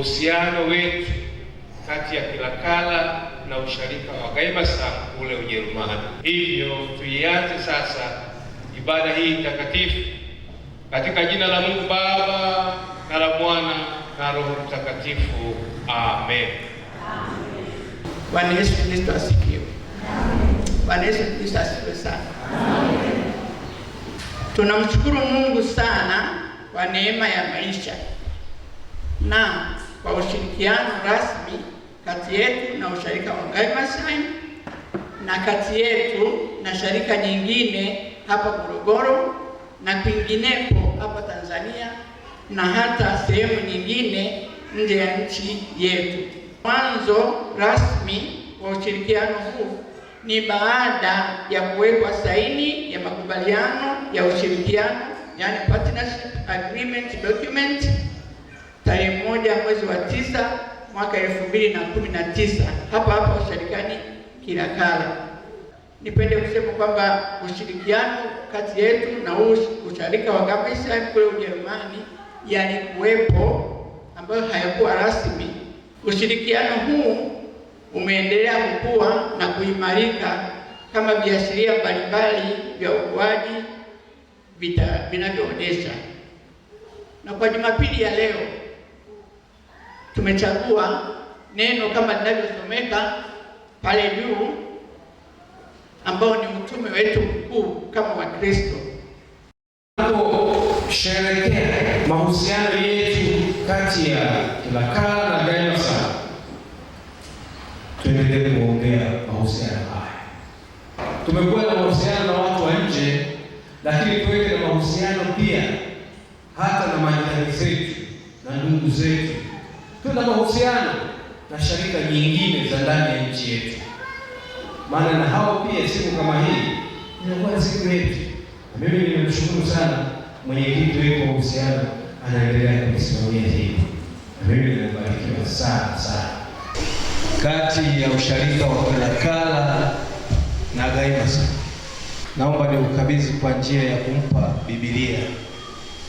uhusiano wetu kati ya Kilakala na usharika wa Gaimasam kule Ujerumani. Hivyo tuianze sasa ibada hii takatifu katika jina la Mungu Baba na la Mwana na Roho Mtakatifu. Amen. Bwana Yesu Kristo asifiwe. Bwana Yesu Kristo asifiwe sana. Amen. Tunamshukuru Mungu sana kwa neema ya maisha na kwa ushirikiano rasmi kati yetu na usharika wa Ngaimasai na kati yetu na sharika nyingine hapa Morogoro na kwingineko hapa Tanzania na hata sehemu nyingine nje ya nchi yetu. Mwanzo rasmi wa ushirikiano huu ni baada ya kuwekwa saini ya makubaliano ya ushirikiano, yani partnership agreement document tarehe moja mwezi wa tisa mwaka elfu mbili na kumi na tisa hapa hapa usharikani Kilakala. Nipende kusema kwamba ushirikiano kati yetu na huu usharika wa Gamesa kule Ujerumani yalikuwepo ambayo hayakuwa rasmi. Ushirikiano huu umeendelea kukua na kuimarika kama viashiria mbalimbali vya ukuaji vinavyoonyesha, na kwa Jumapili ya leo tumechagua neno kama linavyosomeka pale juu, ambao ni utume wetu mkuu kama Wakristo. Kusherehekea mahusiano yetu kati ya kala na sana. tuendelee kuongea mahusiano haya. Tumekuwa na mahusiano na watu wa nje, lakini tuweke na mahusiano pia hata na majirani zetu na ndugu zetu tuwe na mahusiano na sharika nyingine za ndani ya nchi yetu, maana na hao pia siku kama hii inakuwa siku yetu. Na mimi nimemshukuru sana mwenyekiti wetu wa uhusiano, anaendelea kuisimamia hii, na mimi nimebarikiwa sana sana kati ya usharika wa Kalakala na Gaimasa. Naomba ni ukabizi kwa njia ya kumpa Biblia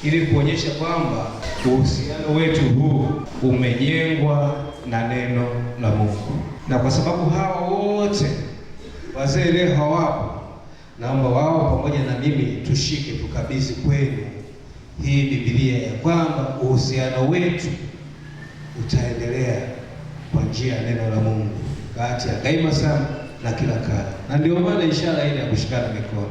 ili kuonyesha kwamba uhusiano wetu huu umejengwa na neno la Mungu. Na kwa sababu hawa wote wazee leo hawapo, naomba wao pamoja na mimi tushike, tukabidhi kwenu hii Biblia ya kwamba uhusiano wetu utaendelea kwa njia ya neno la Mungu kati ya sana na kila kala na ndio maana ishara ile ya kushikana mikono.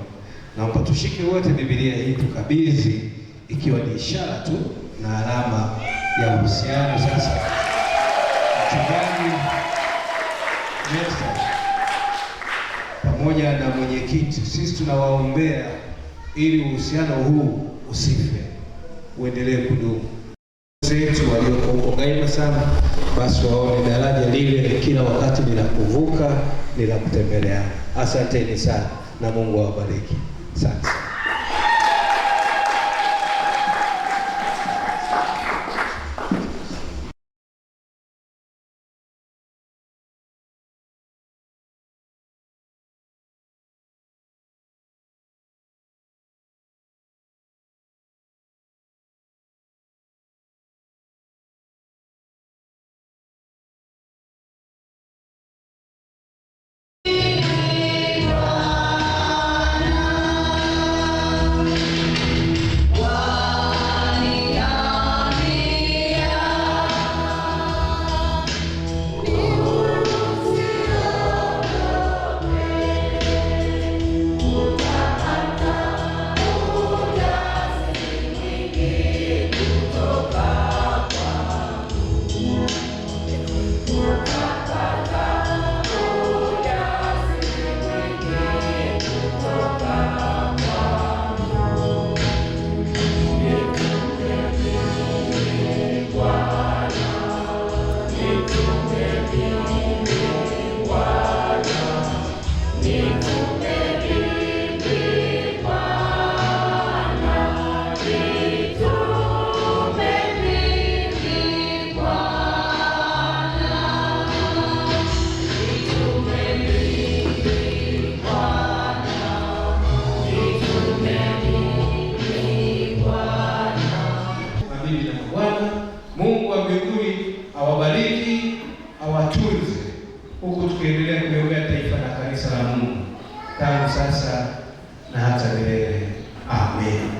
Naomba tushike wote Biblia hii tukabidhi ikiwa ni ishara tu na alama ya uhusiano. Sasa mchungaji pamoja na mwenyekiti, sisi tunawaombea ili uhusiano huu usife, uendelee kudumu. Wenzetu walioko huko Gaima sana, basi waone daraja lile kila wakati ni la kuvuka, ni la Asanteni sana na Mungu awabariki. Asante. huku tukiendelea kuiombea taifa na kanisa la Mungu tangu sasa na hata milele. Amen.